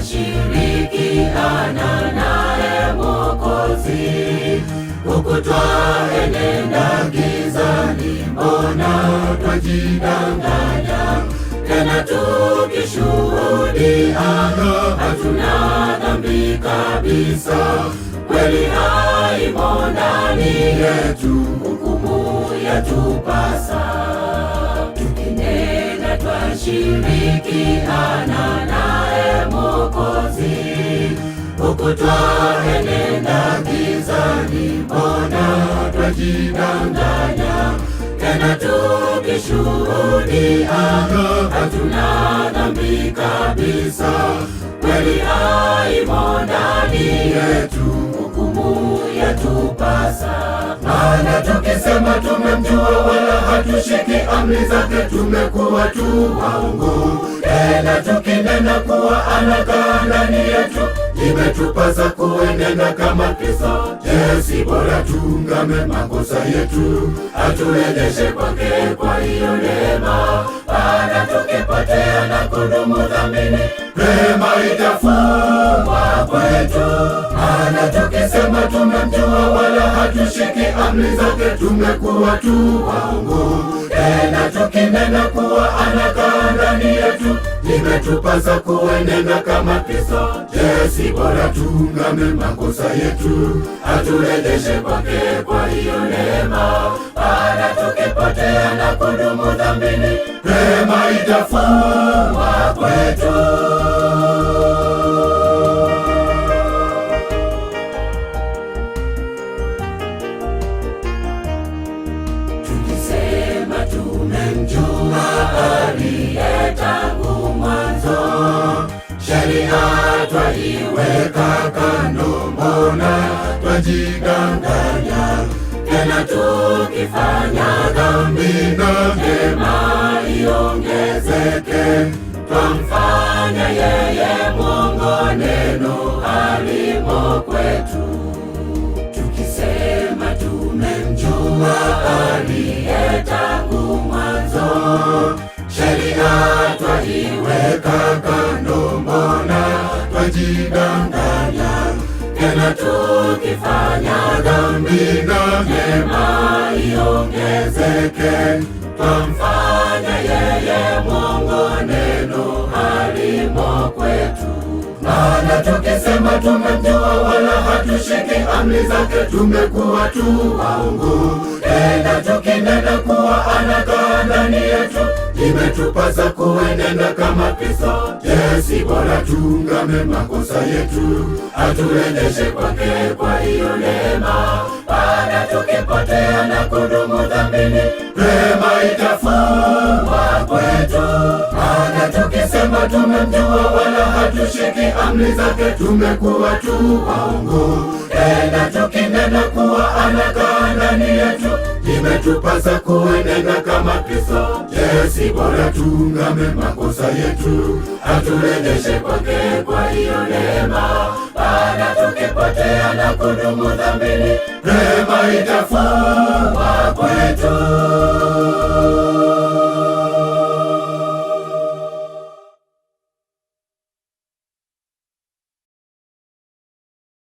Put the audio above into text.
tunashirikiana naye Mwokozi, huku twaenenda gizani, mbona twajidanganya? Tena tukishuhudia hatuna dhambi kabisa, kweli haimo ndani yetu, hukumu yatupasa. Tukinena twashirikiana naye Ukutwaye nenda gizani, mbona twajidanganya? Tena tukishuhudia hatuna dhambi kabisa, kweli aimo ndani yetu, hukumu yatupasa. Maana tukisema tumemjua, wala hatushiki amri zake, tumekuwa tu waongo. Tena tukinena kuwa anakaa ndani yetu imetupasa kuenenda kama Kristo. Je, si bora tuungame makosa yetu aturejeshe kwake? Kwa hiyo neema, maana tukipotea na kudumu dhamini, rehema itafungwa kwetu. Maana tukisema tumemjua wala hatushiki amri zake, tumekuwa tu waongo. Tena tukinena kuwa anakaa ndani letu limetupasa kuenenda kama Kristo. Je, si bora tuungame makosa yetu aturejeshe kwake kwa hiyo neema, maana tukipotea na kudumu dhambini, rehema itafuma kwetu. Tumemjua tukijidanganya, tena tukifanya dhambi na neema iongezeke, twamfanya yeye Mungu neno alimo kwetu, tukisema tumemjua aliye tangu mwanzo. Sheria twaiweka kando, mbona twajidanganya? maana tukifanya dhambi na neema iongezeke, twamfanya yeye Mungu neno halimo kwetu. Maana tukisema tumemjua wala hatushiki amri zake, tumekuwa tu waungu. Tena tukinena kuwa anakaa ndani yetu imetupasa kuenenda kama Kristo. Je, si bora tuungame makosa yetu, aturejeshe kwake kwa hiyo neema, maana tukipotea na kudumu dhambini, rehema itafungwa kwetu. Maana tukisema tumemjua wala hatushiki amri zake, tumekuwa tu waongo. Yatupasa kuenenda kama Kristo. Je, si bora tuungame makosa yetu aturejeshe kwake kwa hiyo neema, maana tukipotea na kudumu dhambini, rehema itafungwa kwetu.